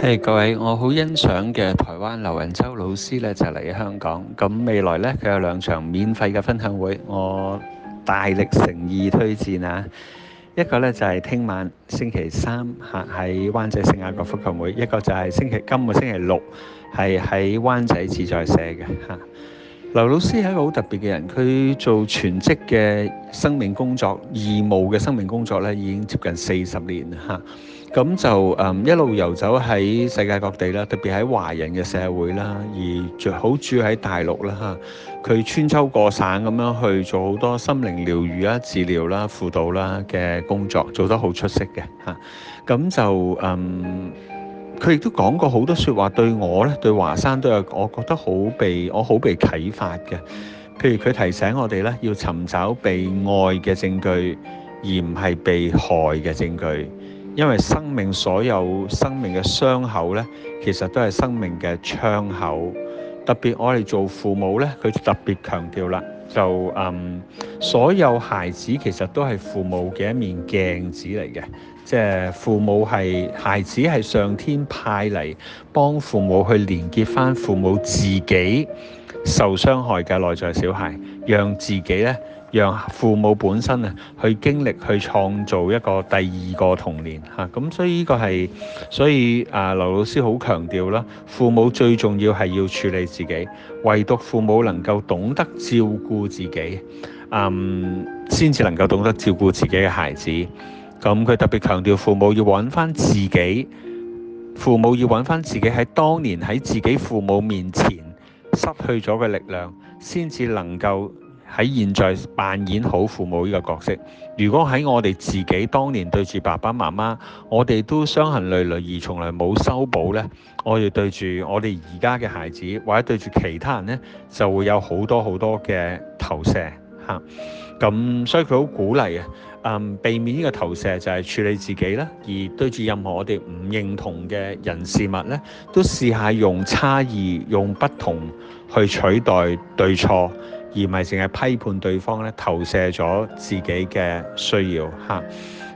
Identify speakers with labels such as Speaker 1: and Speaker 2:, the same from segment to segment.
Speaker 1: 係、hey, 各位，我好欣賞嘅台灣劉仁洲老師咧就嚟香港，咁未來咧佢有兩場免費嘅分享會，我大力誠意推薦啊！一個咧就係、是、聽晚星期三吓喺灣仔聖雅各福群會，一個就係星期今個星期六係喺灣仔自在社嘅吓。啊劉老師係一個好特別嘅人，佢做全職嘅生命工作、義務嘅生命工作咧，已經接近四十年啦嚇。咁就嗯一路遊走喺世界各地啦，特別喺華人嘅社會啦，而最好住喺大陸啦嚇。佢穿州過省咁樣去做好多心靈療愈啦、治療啦、輔導啦嘅工作，做得好出色嘅嚇。咁就嗯。佢亦都講過好多説話，對我咧，對華山都有，我覺得好被我好被啟發嘅。譬如佢提醒我哋咧，要尋找被愛嘅證據，而唔係被害嘅證據，因為生命所有生命嘅傷口咧，其實都係生命嘅窗口。特別我哋做父母咧，佢特別強調啦，就嗯。所有孩子其實都係父母嘅一面鏡子嚟嘅，即係父母係孩子係上天派嚟幫父母去連結返父母自己受傷害嘅內在小孩，讓自己呢。讓父母本身啊去經歷去創造一個第二個童年嚇，咁、啊、所以呢個係，所以啊劉老師好強調啦，父母最重要係要處理自己，唯獨父母能夠懂得照顧自己，嗯，先至能夠懂得照顧自己嘅孩子。咁、啊、佢特別強調父母要揾翻自己，父母要揾翻自己喺當年喺自己父母面前失去咗嘅力量，先至能夠。喺現在扮演好父母呢個角色。如果喺我哋自己當年對住爸爸媽媽，我哋都傷痕累累而從來冇修補呢，我哋對住我哋而家嘅孩子或者對住其他人呢，就會有好多好多嘅投射嚇。咁，啊，所以佢好鼓勵啊，嗯，避免呢個投射就係處理自己啦。而對住任何我哋唔認同嘅人事物呢，都試下用差異、用不同去取代對錯。而唔係淨係批判對方咧，投射咗自己嘅需要嚇。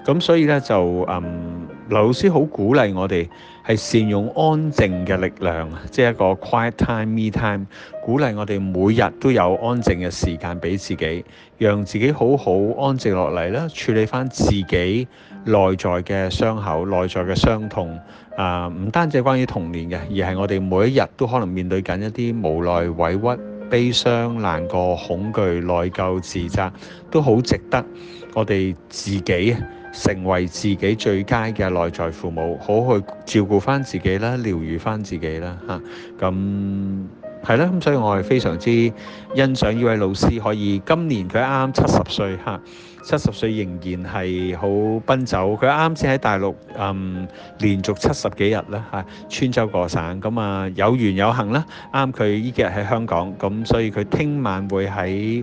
Speaker 1: 咁所以咧就嗯，劉老師好鼓勵我哋係善用安靜嘅力量，即係一個 quiet time、me time，鼓勵我哋每日都有安靜嘅時間俾自己，讓自己好好安靜落嚟啦，處理返自己內在嘅傷口、內在嘅傷痛。啊，唔單止關於童年嘅，而係我哋每一日都可能面對緊一啲無奈委屈、悲傷、難過、恐懼、內疚、自責，都好值得我哋自己成為自己最佳嘅內在父母，好，好去照顧翻自己啦，療愈翻自己啦，嚇、啊、咁。係啦，咁所以我係非常之欣賞呢位老師，可以今年佢啱啱七十歲嚇，七十歲仍然係好奔走。佢啱先喺大陸嗯連續七十幾日啦嚇，穿州過省，咁啊有緣有幸啦，啱佢呢幾日喺香港，咁所以佢聽晚會喺